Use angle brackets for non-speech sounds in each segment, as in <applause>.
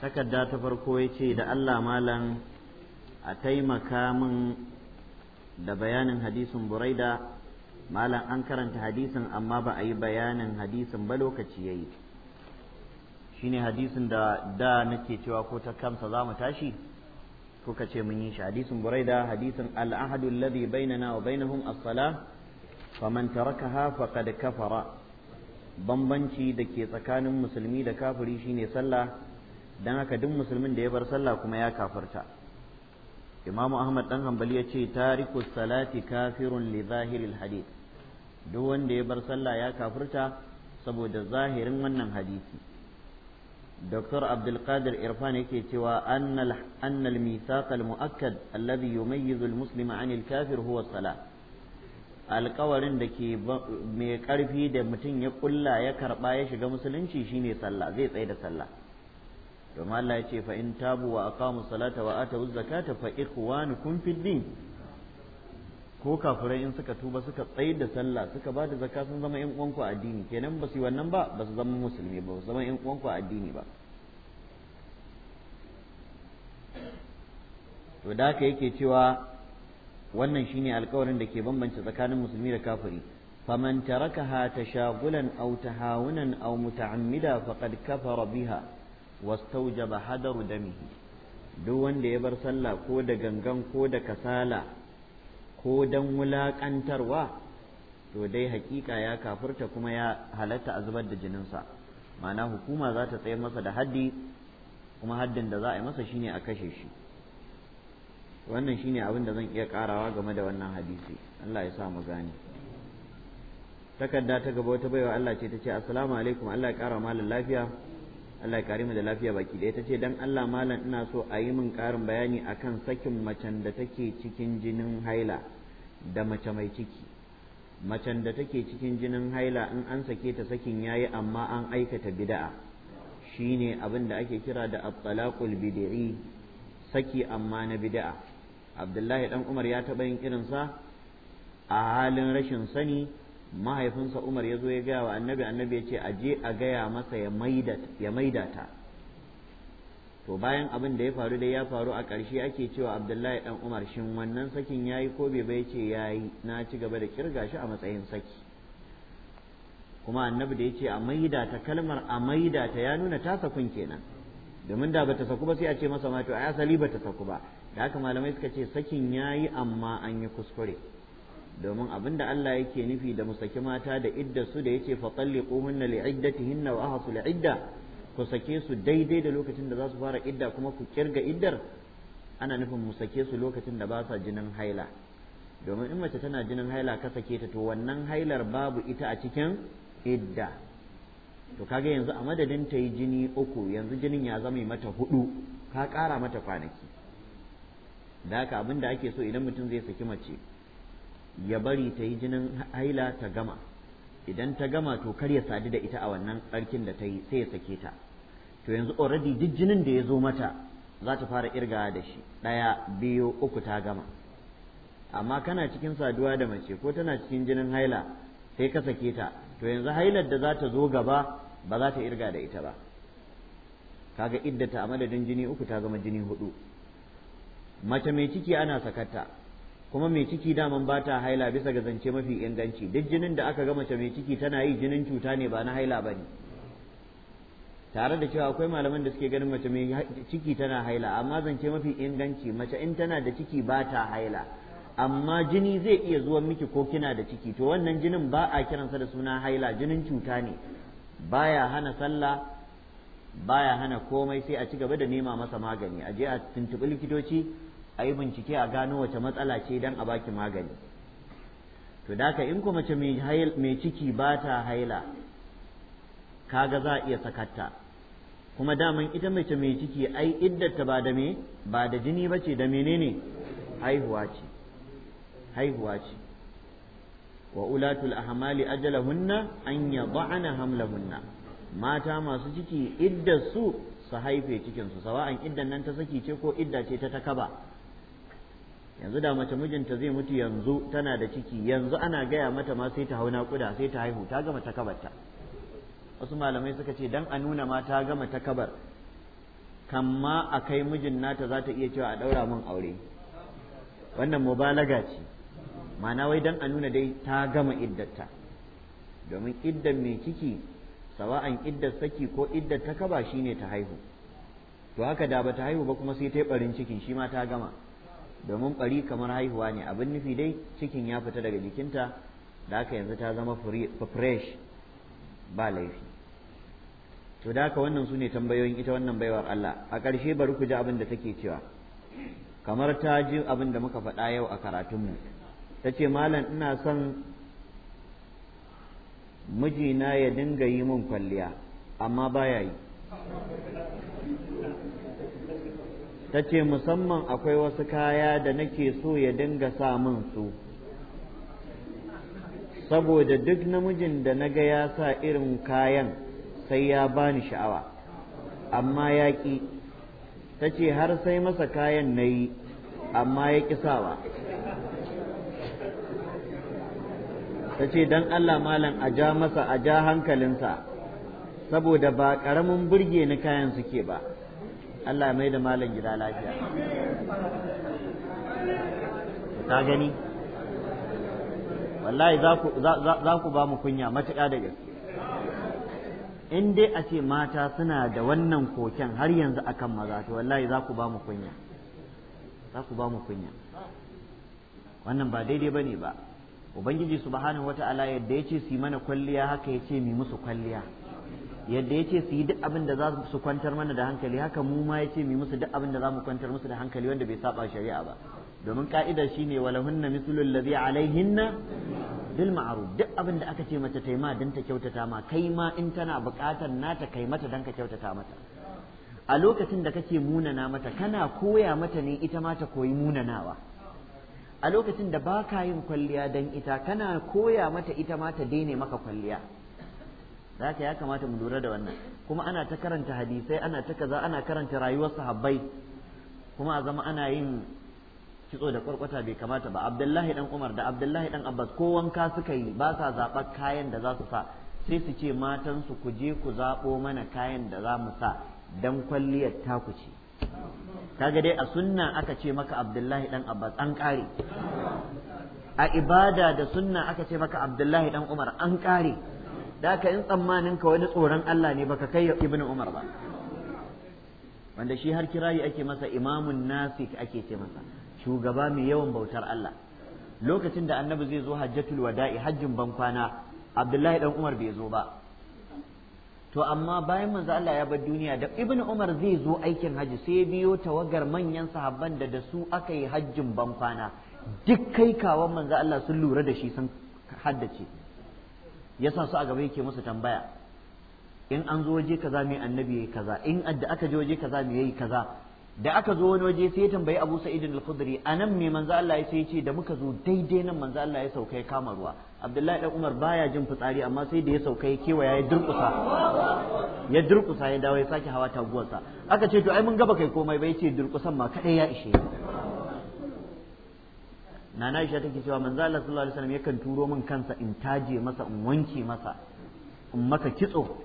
takarda ta farko ya ce da Allah malam a taimaka min da bayanin hadisin buraida malam an karanta hadisin amma ba a yi bayanin hadisin ba lokaci ya yi shine hadisin da da nake cewa ko ta kamsa za mu tashi kuka ce mun yi shi hadisin buraida hadisin al'ahadu alladhi bainana wa bainahum as-salah faman tarakaha faqad kafara bambanci da ke tsakanin musulmi da kafiri shine sallah dan haka duk musulmin da ya bar sallah kuma ya kafarta imam ahmad dan hanbali ya ce tariku salati kafirun li zahiril hadith duk wanda ya bar sallah ya kafirta saboda zahirin wannan hadisi دكتور عبد irfan yake cewa annal أن muakkad المؤكد الذي يميز anil عن الكافر هو الصلاة alkawarin da ke mai ƙarfi da mutum ya ƙulla ya karɓa ya shiga musulunci shine sallah zai tsaye da sallah domin Allah ya ce fa in tabu wa aqamu salata wa atu zakata fa ikhwanukum fid din ko kafirai in suka tuba suka tsayar da sallah suka ba da zakka sun zama yan uwanku a addini kenan ba su yi wannan ba ba su zama musulmi ba su zama yan uwanku a addini ba to da haka yake cewa wannan shine alkawarin da ke bambance tsakanin musulmi da kafiri faman tarakaha tashagulan aw tahawunan aw muta'ammida faqad kafara biha واستوجب hadaru damihi duk wanda ya bar sallah ko da gangan ko da kasala ko dan wulaƙantarwa to dai hakika ya kafurta kuma ya halatta a zubar da sa, ma'ana hukuma za ta tsaye masa da haddi kuma haddin da za a yi masa shine a kashe shi wannan shine abin da zan iya karawa game da wannan hadisi Allah ya sa mu gane takarda ta gaba wata baiwa Allah ce ta ce assalamu alaikum Allah ya kara malam lafiya Allah ya kare mu da lafiya baki ɗaya tace dan Allah malam ina so a yi min ƙarin bayani akan sakin macen da take cikin jinin haila da mace mai ciki macen da take cikin jinin haila in an sake ta sakin yayi amma an aikata bid'a shine abin da ake kira da at-talaqul bid'i saki amma na bid'a Abdullahi dan Umar ya taɓa yin irinsa a halin rashin sani mahaifinsa Umar ya zo ya gaya wa annabi annabi ya ce a je a gaya masa ya maida ta to bayan abin da ya faru dai ya faru a ƙarshe ake cewa Abdullahi dan Umar shin wannan sakin ya yi ko bai ce ya yayi na ci gaba da kirga shi a matsayin saki kuma annabi da ya ce a maida kalmar a maida ya nuna ta sakun kenan domin da bata saku ba sai a ce masa ma to ai asali bata saku ba da haka malamai suka ce sakin ya yi amma an yi kuskure domin abin da Allah yake nufi da mu saki mata da idda su da yace fa hunna li iddatihinna wa li idda ku sake su daidai da lokacin da za su fara idda kuma ku kirga iddar ana nufin mu sake su lokacin da ba sa jinin haila domin in mace tana jinin haila ka sake ta to wannan hailar babu ita a cikin idda to kaga yanzu a madadin ta yi jini uku yanzu jinin ya zama mata hudu ka kara mata kwanaki da haka abin da ake so idan mutum zai saki mace ya bari ta yi jinin haila ta gama idan ta gama to kar ya sadu da ita a wannan tsarkin da ta yi sai ya sake ta to yanzu already duk jinin da ya zo mata za ta fara irga da shi ɗaya biyu uku ta gama amma kana cikin saduwa da mace ko tana cikin jinin haila sai ka sake ta to yanzu hailar da za ta zo gaba ba za ta irga da ita ba kaga iddata a madadin jini uku ta zama jini hudu mace mai ciki ana sakatta. kuma mai ciki daman ba ta haila bisa ga zance mafi inganci duk jinin da aka ga mace mai ciki tana yi jinin cuta ne ba na haila ba ne tare da cewa akwai malaman da suke ganin mace mai ciki tana haila amma zance mafi inganci mace in tana da ciki ba ta haila amma jini zai iya zuwa miki ko kina da ciki to wannan jinin ba a kiransa da suna haila jinin cuta ne baya hana sallah baya hana komai sai a ci gaba da nema masa magani a je a tuntuɓi likitoci a yi bincike a gano wace matsala ce don a baki magani to da in kuma mace mai ciki ba ta haila kaga za a iya sakatta kuma daman ita mace mai ciki ai iddata ba da me ba da jini ba ce da menene haihuwa ce haihuwa ce wa ulatul ahmali ajalahunna an yad'ana hamlahunna mata masu ciki iddar su su haife cikin su sawa'an iddan nan ta saki ce ko idda ce ta takaba yanzu da mace mijinta zai mutu yanzu tana da ciki yanzu ana gaya mata ma sai ta hau naƙuda sai ta haihu ta gama takabarta wasu malamai suka ce dan a nuna ma ta gama takabar kamma a kai mijin nata za ta iya cewa a ɗaura min aure wannan mubalaga ce ma'ana wai dan a nuna dai ta gama iddarta domin iddar mai ciki sawa'an iddar saki ko iddar takaba shine ta haihu to haka da ba ta haihu ba kuma sai ta yi barin cikin shi ma ta gama domin ɓari kamar haihuwa ne abin nufi dai cikin ya fita daga jikinta da haka yanzu ta zama fresh ba laifi to da haka wannan su ne tambayoyin ita wannan baiwar Allah a ƙarshe bari ku ji abin da take cewa kamar ta ji abin da muka faɗa yau a karatunmu ta ce malam ina son mijina ya dinga yi min kwalliya amma baya yi ta ce musamman akwai wasu kaya da nake so ya dinga sa min su saboda duk namijin da naga ya sa irin kayan sai ya bani sha'awa amma ya ta ce har sai masa kayan na yi amma ya ƙi sawa ta ce don Allah malam a ja masa a ja hankalinsa saboda ba ƙaramin burge ni kayan suke ba Allah mai da malam gida lafiya ta gani wallahi za ku ba mu kunya matuƙa da gaske in dai a ce mata suna da wannan koken har yanzu akan maza to wallahi za ku ba mu kunya za ku ba mu kunya wannan ba daidai ba ne ba ubangiji subhanahu ala yadda ya ce su yi mana kwalliya haka ya ce mi musu kwalliya yadda yace su yi duk abin da za su kwantar mana da hankali haka mu ma yace mu musu duk abin da za mu kwantar musu da hankali wanda bai saba shari'a ba domin ka'idar shine walahunna mislul ladhi alaihinna bil ma'ruf duk abin da aka ce mace ta ma dan ta kyautata ma kai ma in tana buƙatar nata kai mata dan ka kyautata mata a lokacin da kake munana mata kana koya mata ne ita ma ta koyi munanawa a lokacin da baka yin kwalliya dan ita kana koya mata ita ma ta daina maka kwalliya haka ya kamata mu lura da wannan kuma ana ta karanta hadisai ana ta kaza ana karanta rayuwar sahabbai kuma a zama ana yin kitso da kwarkwata bai kamata ba abdullahi dan umar da abdullahi dan abbas ko wanka suka yi ba sa zaɓar kayan da za su sa sai su ce matansu ku je ku zaɓo mana kayan da za mu sa dan kwalliyar taku ce kaga dai a sunna aka ce maka abdullahi dan abbas an ƙare a ibada da sunna aka ce maka abdullahi dan umar an ƙare da ka in tsammanin ka wani tsoron Allah ne baka kai ibn Umar ba wanda shi har kirayi ake masa imamun nasik ake ce masa shugaba mai yawan bautar Allah lokacin da annabi zai zo hajjatul wada'i hajjin ban kwana Abdullahi dan Umar bai zo ba to amma bayan manzo Allah ya bar duniya da Ibn Umar zai zo aikin hajji sai biyo tawagar manyan sahabban da da su aka yi hajjin ban kwana duk kai kawan manzo Allah sun lura da shi sun haddace Yasa su a gaba yake musu tambaya in an zo waje kaza mai annabi yayi kaza in da aka je waje kaza mai yayi kaza da aka zo wani waje sai ya tambayi Abu Sa'id al-Khudri anan mai manzo Allah ya sai ya ce da muka zo daidai nan manzo Allah ya sauka ya kama ruwa Abdullahi dan Umar baya jin fitsari amma sai da ya sauka ya kewaya ya durkusa ya durkusa ya dawo ya sake hawa taguwarsa aka ce to ai mun gaba kai komai bai ce durkusan ma kadai ya ishe nana Aisha take cewa manzo Allah sallallahu alaihi wasallam yakan turo min kansa in taje masa in wanke masa in masa kitso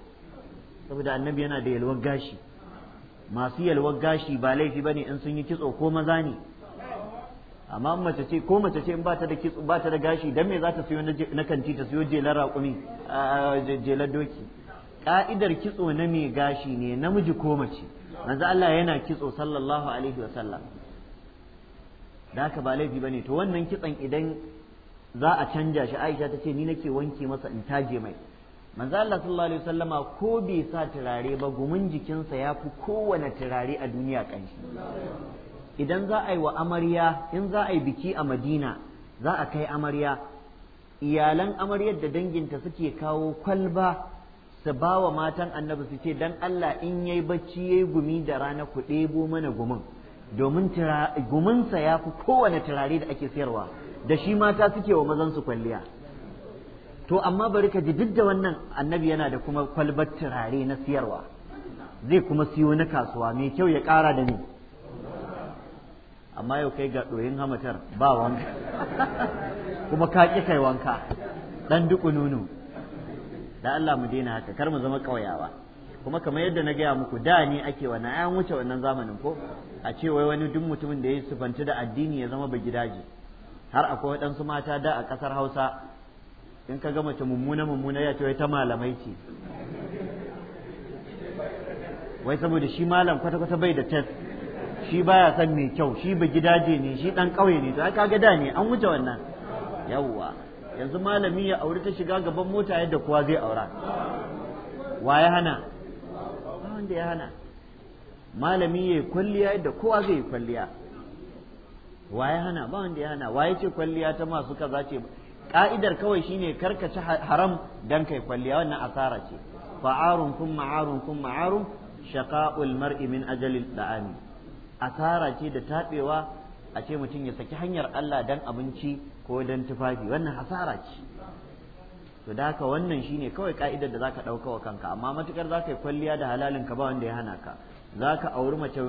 saboda annabi yana da yalwar gashi masu yalwar gashi ba laifi bane in sun yi kitso ko maza ne amma mace ce ko mace ce in ba ta da kitso ba ta da gashi dan me za ta siyo na kanti ta siyo jelar raƙumi jelar doki ka'idar kitso na mai gashi ne namiji ko mace manzo Allah yana kitso sallallahu alaihi wasallam da haka ba laifi bane to wannan kitsan idan za a canja shi Aisha ta ce ni nake wanke masa in taje mai manzo Allah sallallahu alaihi wasallama ko bai sa turare ba gumin jikinsa ya fi kowane turare a duniya kanshi idan za a yi wa amarya in za a yi biki a Madina za a kai amarya iyalan amaryar da danginta suke kawo kwalba su ba wa matan annabi su ce dan Allah in yayi bacci yayi gumi da rana ku ɗebo mana gumin domin guminsa ya fi kowane turare da ake sayarwa da shi mata suke wa mazansu kwalliya to amma bari ka ji duk da wannan annabi yana da kuma kwalbar turare na siyarwa zai kuma siyo na kasuwa mai kyau ya kara da ni amma yau kai ga ɗoyin hamatar ba wanka <laughs> kuma ka ƙi kai wanka ɗan duku nunu da Allah mu daina haka kar mu zama ƙauyawa kuma kamar yadda na gaya muku da ne ake wannan an wuce wannan zamanin ko a ce wai wani duk mutumin da ya sufanci da addini ya zama gidaje har akwai waɗansu mata da a ƙasar hausa in ka ga mace mummuna mummuna ya ce wai ta malamai ce wai saboda shi malam kwata-kwata bai da test shi baya son mai kyau shi ba ne shi ɗan ƙauye ne to ai kaga da ne an wuce wannan yawwa yanzu malami ya auri ta shiga gaban mota yadda kowa zai aura wa ya hana da ya hana malami yayi kwalliya yadda kowa zai yi kwalliya wa ya hana ba wanda ya hana wa ya ce kwalliya ta masu kaza ce ka'idar kawai shine karkace haram dan kai kwalliya wannan asara ce fa'arun kun ma'arun kun ma'arun shaqa'ul mar'i min ajalil da'ami asara ce da taɓewa a ce mutum ya saki hanyar Allah dan abinci ko dan tufafi wannan asara ce to da haka wannan shine kawai ka'idar da zaka dauka wa kanka amma matukar zaka yi kwalliya da halalin ka ba wanda ya hana ka zaka auri mace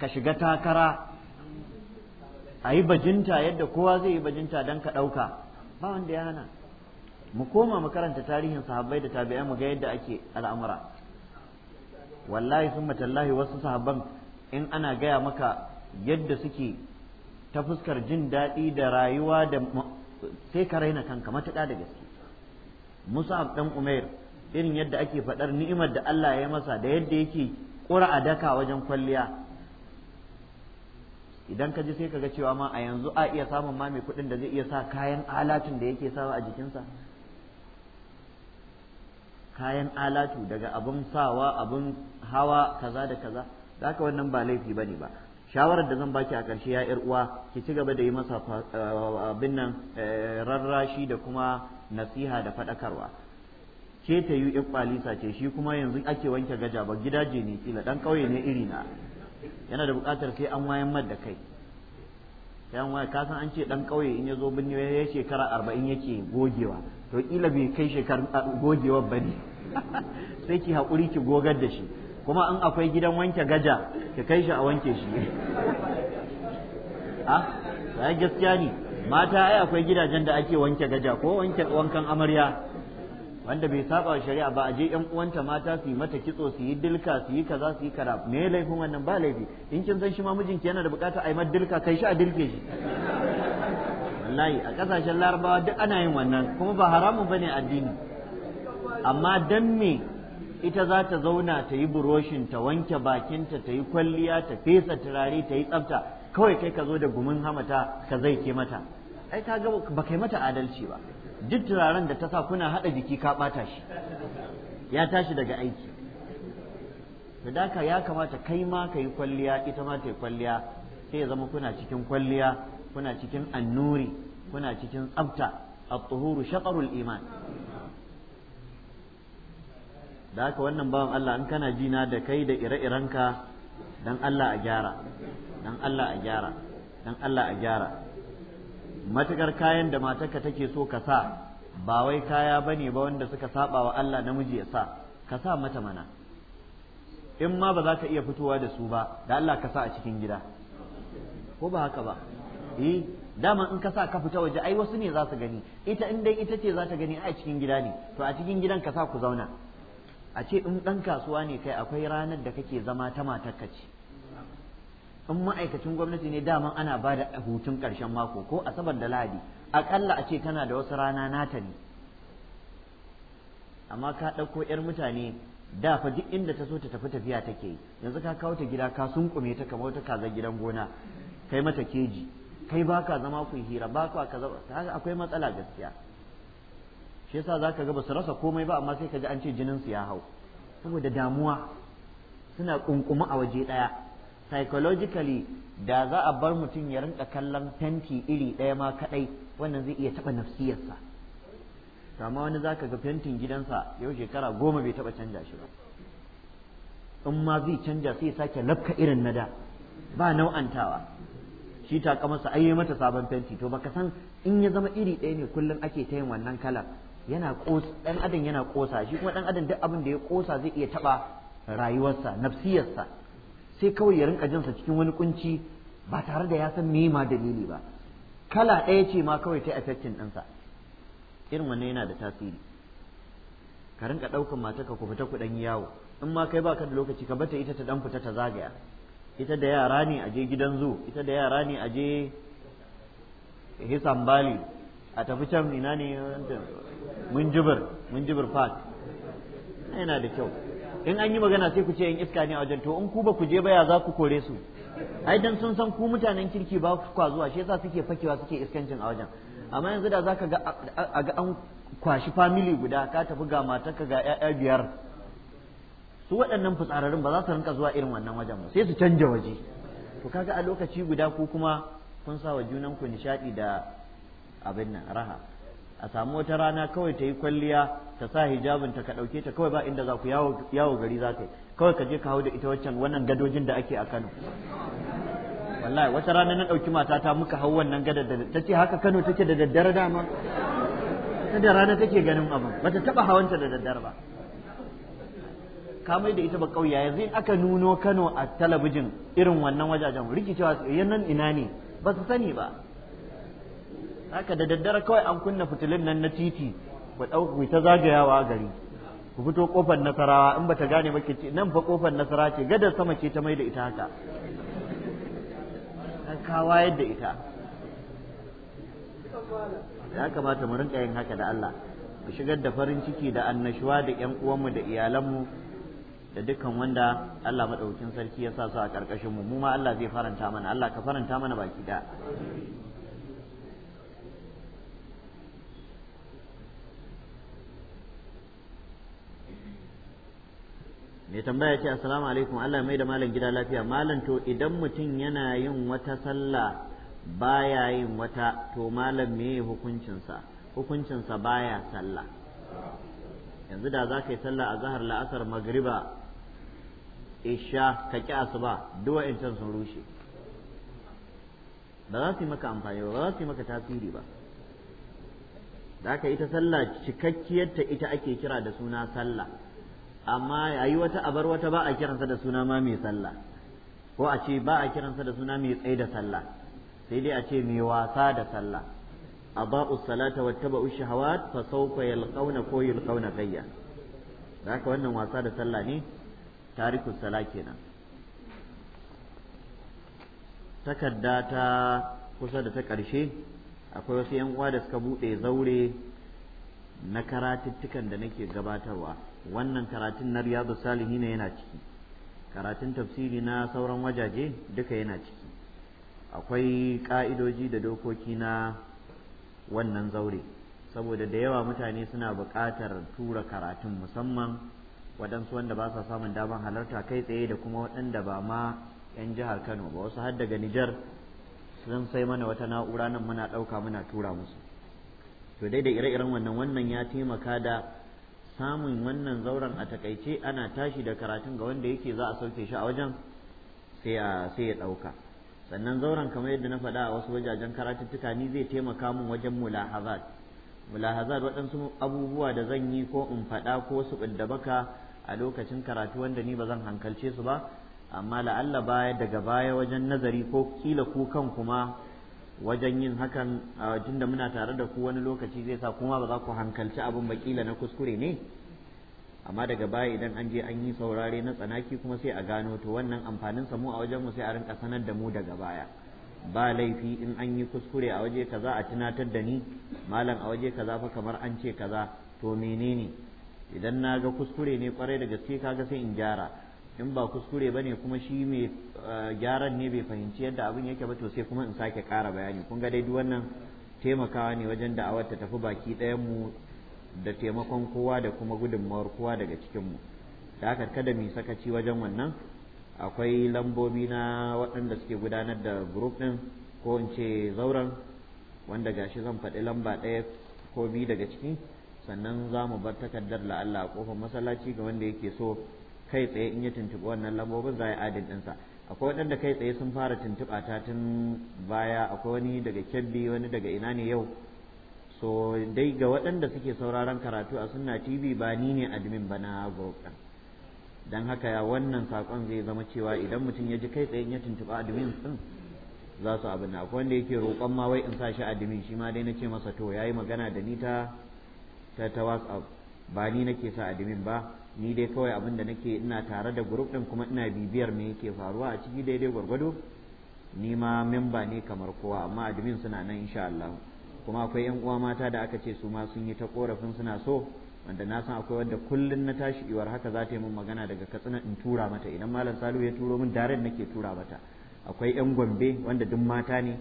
ka shiga takara a yi bajinta yadda kowa zai yi bajinta don ka ɗauka ba wanda ya hana mu koma mu karanta tarihin sahabbai da tabi'ai mu ga yadda ake al'amura wallahi sun matallahi wasu sahabban in ana gaya maka yadda suke ta fuskar jin daɗi da rayuwa da sai ka raina kanka matuƙa da gaske musab dan umair irin yadda ake faɗar ni'imar da Allah ya masa da yadda yake kura a daka wajen kwalliya idan ka ji sai ka ga cewa ma a yanzu a iya samun ma mai kuɗin da zai iya sa kayan alatun da yake sawa a jikinsa kayan alatu daga abin sawa abin hawa kaza da kaza da haka wannan ba laifi ba ne ba shawarar da zan baki a karshe ya uwa ki ci gaba da yi masa eh, abin nan eh, rarrashi da kuma nasiha da faɗakarwa ke ta yi ƙwalisa ce shi kuma yanzu ake wanke gaja ba gidaje ne kila dan ƙauye ne iri na yana da buƙatar sai an wayan mar da kai sai an waya kasan an ce dan ƙauye in ya zo birni ya shekara arba'in yake gogewa to kila bai kai shekara gogewa ba ne <laughs> sai ki haƙuri ki gogar da shi kuma in akwai gidan wanke gaja ki kai shi a wanke shi a <laughs> ah, gaskiya ne mata ai akwai gidajen da ake wanke gaja ko wanke wankan amarya wanda bai saba shari'a ba a je yan uwanta mata su yi mata kitso su yi dilka su yi kaza su yi kara me laifin wannan ba laifi in kin san shi ma mijinki yana da bukata a yi mata dilka kai shi a dilke shi wallahi a kasashen larabawa duk ana yin wannan kuma ba haramun bane addini amma dan me ita za ta zauna ta yi buroshin ta wanke bakinta ta yi kwalliya ta fesa turare ta yi tsafta kawai kai ka zo da gumin hamata ka zai ke mata ai ka ga ba kai mata adalci ba duk turaren da ta sa kuna haɗa jiki ka ɓata shi ya tashi daga aiki da daka ya kamata kai ma ka yi kwalliya ita ma ta yi kwalliya sai ya zama kuna cikin kwalliya kuna cikin annuri kuna cikin tsafta at-tuhuru iman da haka wannan bawan Allah in kana jina da kai da ire-irenka dan Allah a gyara dan Allah a gyara dan Allah a gyara matukar kayan da matarka take so ka sa ba wai kaya bane ba wanda suka saba wa Allah namiji ya sa ka sa mata mana in ma ba za ka iya fitowa da su ba da Allah ka sa a cikin gida ko ba haka ba eh dama in ka sa ka fita waje ai wasu ne za su gani ita in dai ita ce za ta gani a cikin gida ne to a cikin gidan ka sa ku zauna a ce in ɗan kasuwa ne kai akwai ranar da kake zama ta matarka ce in ma'aikacin gwamnati ne dama ana ba da hutun ƙarshen mako ko asabar da lahadi aƙalla a ce tana da wasu rana nata ne amma ka ɗauko 'yar mutane da fa duk inda ta so ta tafi tafiya take yi yanzu ka kawo ta gida ka sunkume ta kamar wata kaza gidan gona kai mata keji kai ba ka zama ku hira ba ka kaza akwai matsala gaskiya shi yasa za ka ga ba su rasa komai ba amma sai ka ji an ce jininsu ya hau saboda damuwa suna kunkuma a waje ɗaya psychologically da za a bar mutum ya rinka kallon fenti iri ɗaya ma kaɗai wannan zai iya taɓa nafsiyarsa amma wani za ka ga fentin gidansa yau shekara goma bai taɓa canja shi ba in ma zai canja sai ya sake lafka irin na da ba nau'antawa shi ta sa ai mata sabon fenti to baka san in ya zama iri ɗaya ne kullum ake ta yin wannan kalar yana dan adam yana ƙosa shi kuma dan adam duk abin da ya ƙosa zai iya taɓa rayuwarsa nafsiyarsa sai kawai ya rinka jinsa cikin wani kunci ba tare da ya san me ma dalili ba kala ɗaya ce ma kawai ta affecting ɗinsa irin wannan yana da tasiri ka rinka ɗaukan mata ka ku fita ku yawo in ma kai baka da lokaci ka bata ita ta ɗan fita ta zagaya ita da yara ne a je gidan zu ita da yara ne a je hisan bali a tafi can ina ne mun jibir mun jibir park yana da kyau in an yi magana sai ku ce in iska ne a wajen to in ku ba ku je baya za ku kore su ai dan sun san ku mutanen kirki ba ku kwa shi yasa suke fakewa suke iskancin a wajen amma yanzu da zaka ga a ga an kwashi family guda ka tafi ga matarka ga 'ya'ya biyar su waɗannan fitsararrun ba za su rinka zuwa irin wannan wajen ba sai su canja waje to kaga a lokaci guda ku kuma kun sa wa junanku nishaɗi da abin nan raha a samu wata rana kawai ta yi kwalliya ta sa hijabin ta ka ɗauke ta kawai ba inda za ku yawo gari za ka yi kawai ka je ka hau da ita waccan wannan gadojin da ake a Kano wallahi wata rana na ɗauki matata muka hau wannan gadar da ta ce haka Kano take da daddare dama ta da rana take ganin abin bata taɓa hawanta da daddare ba kamai da ita ba kauya yanzu in aka nuno Kano a talabijin irin wannan wajajen rikicewa nan ina ne ba su sani ba haka da daddare kawai an kunna fitilun nan na titi ku ɗauku ta zagayawa gari ku fito kofar nasarawa in bata gane ba ke ce nan fa kofar nasara ce gadar sama ce ta mai da ita haka an kawa yadda ita ya kamata mu rinka yin haka da Allah mu shigar da farin ciki da annashuwa da ƴan uwanmu da iyalanmu da dukkan wanda Allah madaukin sarki ya sa su a karkashin mu mu ma Allah zai faranta mana Allah ka faranta mana baki da mai tambaya ce assalamu alaikum Allah mai da malam gida lafiya malam to idan mutum yana yin wata sallah baya yin wata to malam me hukuncinsa hukuncinsa baya sallah yanzu da za ka yi sallah a zahar la'asar magriba isha ka ƙi asuba duk wa'incan sun rushe ba za su yi maka amfani ba za su yi maka tasiri ba da aka ita sallah cikakkiyarta ita ake kira da suna sallah amma a yi wata abar wata ba a kiransa da suna ma mai sallah ko a ce ba a kiransa da suna mai tsaye da sallah sai dai a ce mai wasa da sallah ba salata ushi hawa fa sawfa yalkauna ko yalkauna gayya da haka wannan wasa da sallah ne tarikus sala kenan takarda ta kusa da ta ƙarshe akwai wasu 'yan uwa da suka buɗe zaure na karatuttukan da nake gabatarwa wannan karatun na riyadu ne yana ciki karatun tafsiri na sauran wajaje duka yana ciki akwai ka'idoji da dokoki na wannan zaure saboda da yawa mutane suna buƙatar tura karatun musamman waɗansu wanda ba sa samun damar halarta kai tsaye da kuma waɗanda ba ma 'yan jihar kano ba wasu har daga nijar sun sai mana wata na'ura nan muna ɗauka muna tura musu to dai da ire-iren wannan wannan ya taimaka da samun wannan zauren a takaice ana tashi da karatun ga wanda yake za a sauke shi a wajen sai ya ɗauka sannan zauren kamar yadda na faɗa a wasu wajajen karatuttuka ni zai taimaka mun wajen mulahazat mulahazat waɗansu abubuwa da zan yi ko in faɗa ko su da baka a lokacin karatu wanda ni ba zan hankalce su ba amma la'alla baya daga baya wajen nazari ko kila ku kan kuma wajen yin hakan a da muna tare da ku wani lokaci zai sa kuma ba za ku hankalci abin bakila na kuskure ne amma daga baya idan an je an yi saurare na tsanaki kuma sai a gano to wannan amfanin mu a wajenmu sai a rinka sanar da mu daga baya ba laifi in an yi kuskure a waje kaza a tunatar da ni malam a waje kaza fa kamar an ce kaza to menene idan na ga kuskure ne kwarai da gaske kaga sai in gyara in ba kuskure ba ne kuma shi mai eh, gyaran ne bai fahimci yadda abin yake ba to sai kuma in sake kara bayani kun ga dai duk wannan taimakawa ne wajen da'awar ta tafi baki ɗayan mu da taimakon kowa da kuma gudunmawar kowa daga cikin mu da haka kada mu sakaci wajen wannan akwai lambobi na waɗanda suke gudanar da group ɗin ko in ce zauren wanda gashi zan faɗi lamba ɗaya ko biyu daga ciki sannan za mu bar takardar la'alla a ƙofar masallaci ga wanda yake so kai tsaye in ya tuntuɓi wannan lambobin za a yi adin ɗinsa akwai waɗanda kai tsaye sun fara tuntuɓa ta tun baya akwai wani daga kebbi wani daga ina ne yau so dai ga waɗanda suke sauraron karatu a sunna tv ba ni ne admin ba na group ɗin don haka wannan saƙon zai zama cewa idan mutum ya ji kai tsaye ya tuntuɓa admin ɗin za su abin akwai wanda yake roƙon ma wai in sa shi admin shi ma dai na ce masa to yayi magana da ni ta ta ta whatsapp ba ni nake sa admin ba ni dai kawai abin da nake ina tare da group din kuma ina bibiyar me yake faruwa a ciki daidai gwargwado ni ma memba ne kamar kowa amma admin suna nan insha Allah kuma akwai yan uwa mata da aka ce su ma sun yi ta korafin suna so wanda na san akwai wanda kullun na tashi iwar haka za ta yi min magana daga katsina in tura mata idan malam salu ya turo min daren nake tura mata akwai yan gombe wanda duk mata ne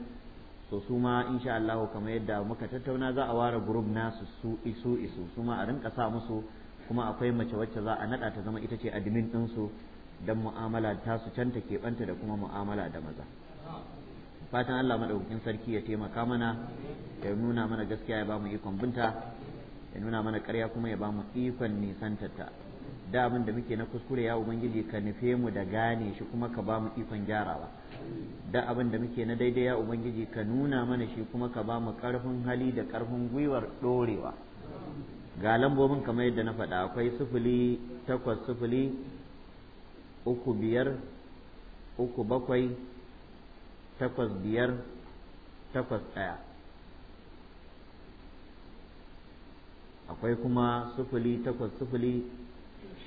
to su ma insha Allah kamar yadda muka tattauna za a ware group nasu su isu isu su ma a rinka sa musu kuma akwai mace wacce za a naɗa ta zama ita ce admin ɗinsu don mu'amala ta su canta keɓanta da kuma mu'amala da maza fatan Allah madaukin sarki ya taimaka mana ya nuna mana gaskiya ya bamu ikon binta ya nuna mana ƙarya kuma ya bamu ikon nisantarta da abin da muke na kuskure ya ubangiji ka nufe mu da gane shi kuma ka bamu ikon gyarawa da abin da muke na daidai ya ubangiji ka nuna mana shi kuma ka bamu ƙarfin hali da ƙarfin gwiwar ɗorewa ga lambobin kamar yadda na faɗa akwai sufuli takwas sufuli uku biyar uku bakwai takwas biyar takwas ɗaya akwai kuma sufuli takwas sufuli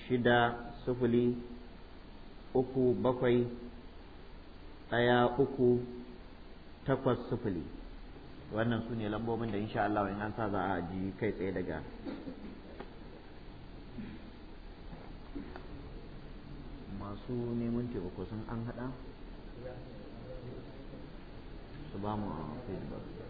shida sufuli uku bakwai ɗaya uku takwas sufuli wannan su ne lambobin da insha Allah in an sa za a ji kai tsaye daga masu neman taimako sun an haɗa su ba mu feedback